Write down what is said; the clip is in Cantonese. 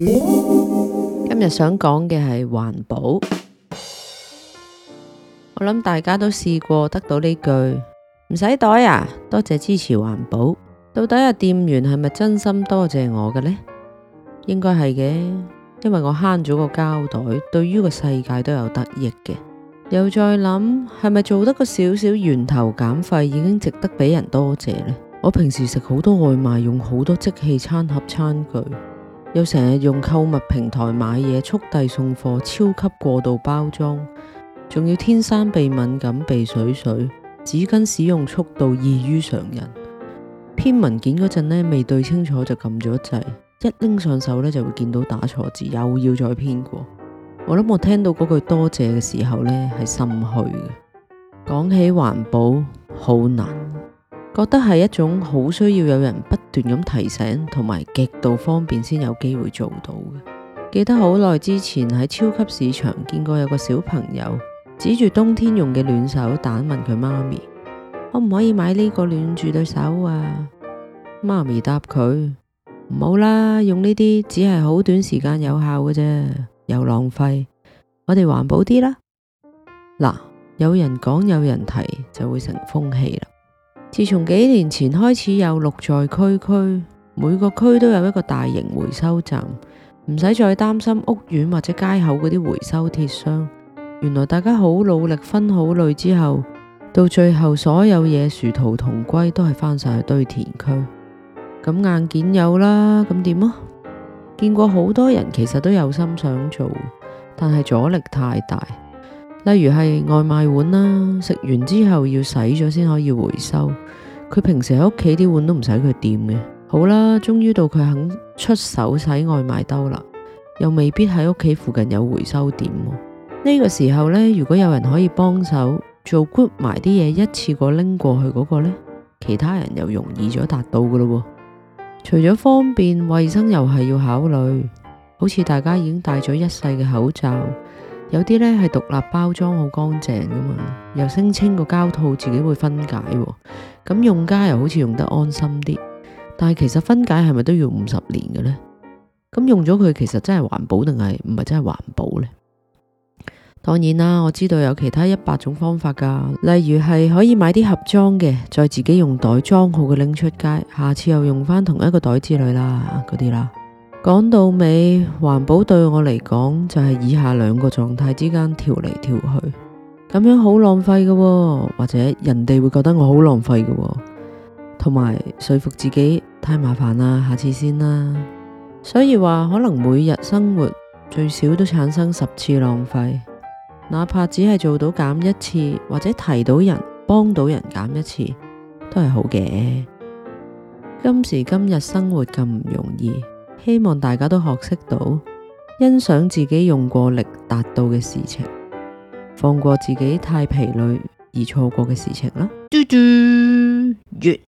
今日想講嘅係環保。我諗大家都試過得到呢句唔使袋啊，多謝支持環保。到底啊店員係咪真心多謝我嘅呢？應該係嘅，因為我慳咗個膠袋，對於個世界都有得益嘅。又再諗係咪做得個少少源頭減廢已經值得俾人多謝呢？我平時食好多外賣，用好多即棄餐盒餐具。又成日用購物平台買嘢，速遞送貨，超級過度包裝，仲要天生鼻敏感，鼻水水，紙巾使用速度異於常人。編文件嗰陣呢，未對清楚就撳咗掣，一拎上手呢就會見到打錯字，又要再編過。我諗我聽到嗰句多謝嘅時候呢，係心虛嘅。講起環保好難，覺得係一種好需要有人不。斷咁提醒同埋極度方便先有機會做到嘅。記得好耐之前喺超級市場見過有個小朋友指住冬天用嘅暖手蛋問佢媽咪：可唔可以買呢個暖住對手啊？媽咪答佢：唔好啦，用呢啲只係好短時間有效嘅啫，又浪費。我哋環保啲啦。嗱，有人講有人提就會成風氣啦。自從幾年前開始有綠在區區，每個區都有一個大型回收站，唔使再擔心屋苑或者街口嗰啲回收鐵箱。原來大家好努力分好類之後，到最後所有嘢殊途同歸，都係翻晒去堆填區。咁硬件有啦，咁點啊？見過好多人其實都有心想做，但係阻力太大。例如係外賣碗啦，食完之後要洗咗先可以回收。佢平時喺屋企啲碗都唔使佢掂嘅。好啦，終於到佢肯出手洗外賣兜啦，又未必喺屋企附近有回收點。呢、這個時候呢，如果有人可以幫手做 group 埋啲嘢，一次過拎過去嗰、那個呢，其他人又容易咗達到噶咯。除咗方便，衛生又係要考慮。好似大家已經戴咗一世嘅口罩。有啲咧係獨立包裝，好乾淨噶嘛，又聲稱個膠套自己會分解喎，咁用家又好似用得安心啲。但係其實分解係咪都要五十年嘅咧？咁用咗佢其實真係環保定係唔係真係環保咧？當然啦，我知道有其他一百種方法噶，例如係可以買啲盒裝嘅，再自己用袋裝好佢拎出街，下次又用翻同一個袋之類啦，嗰啲啦。講到尾，環保對我嚟講就係、是、以下兩個狀態之間調嚟調去，咁樣好浪費㗎、哦，或者人哋會覺得我好浪費㗎、哦，同埋說服自己太麻煩啦，下次先啦。所以話可能每日生活最少都產生十次浪費，哪怕只係做到減一次，或者提到人幫到人減一次，都係好嘅。今時今日生活咁唔容易。希望大家都學識到欣賞自己用過力達到嘅事情，放過自己太疲累而錯過嘅事情啦。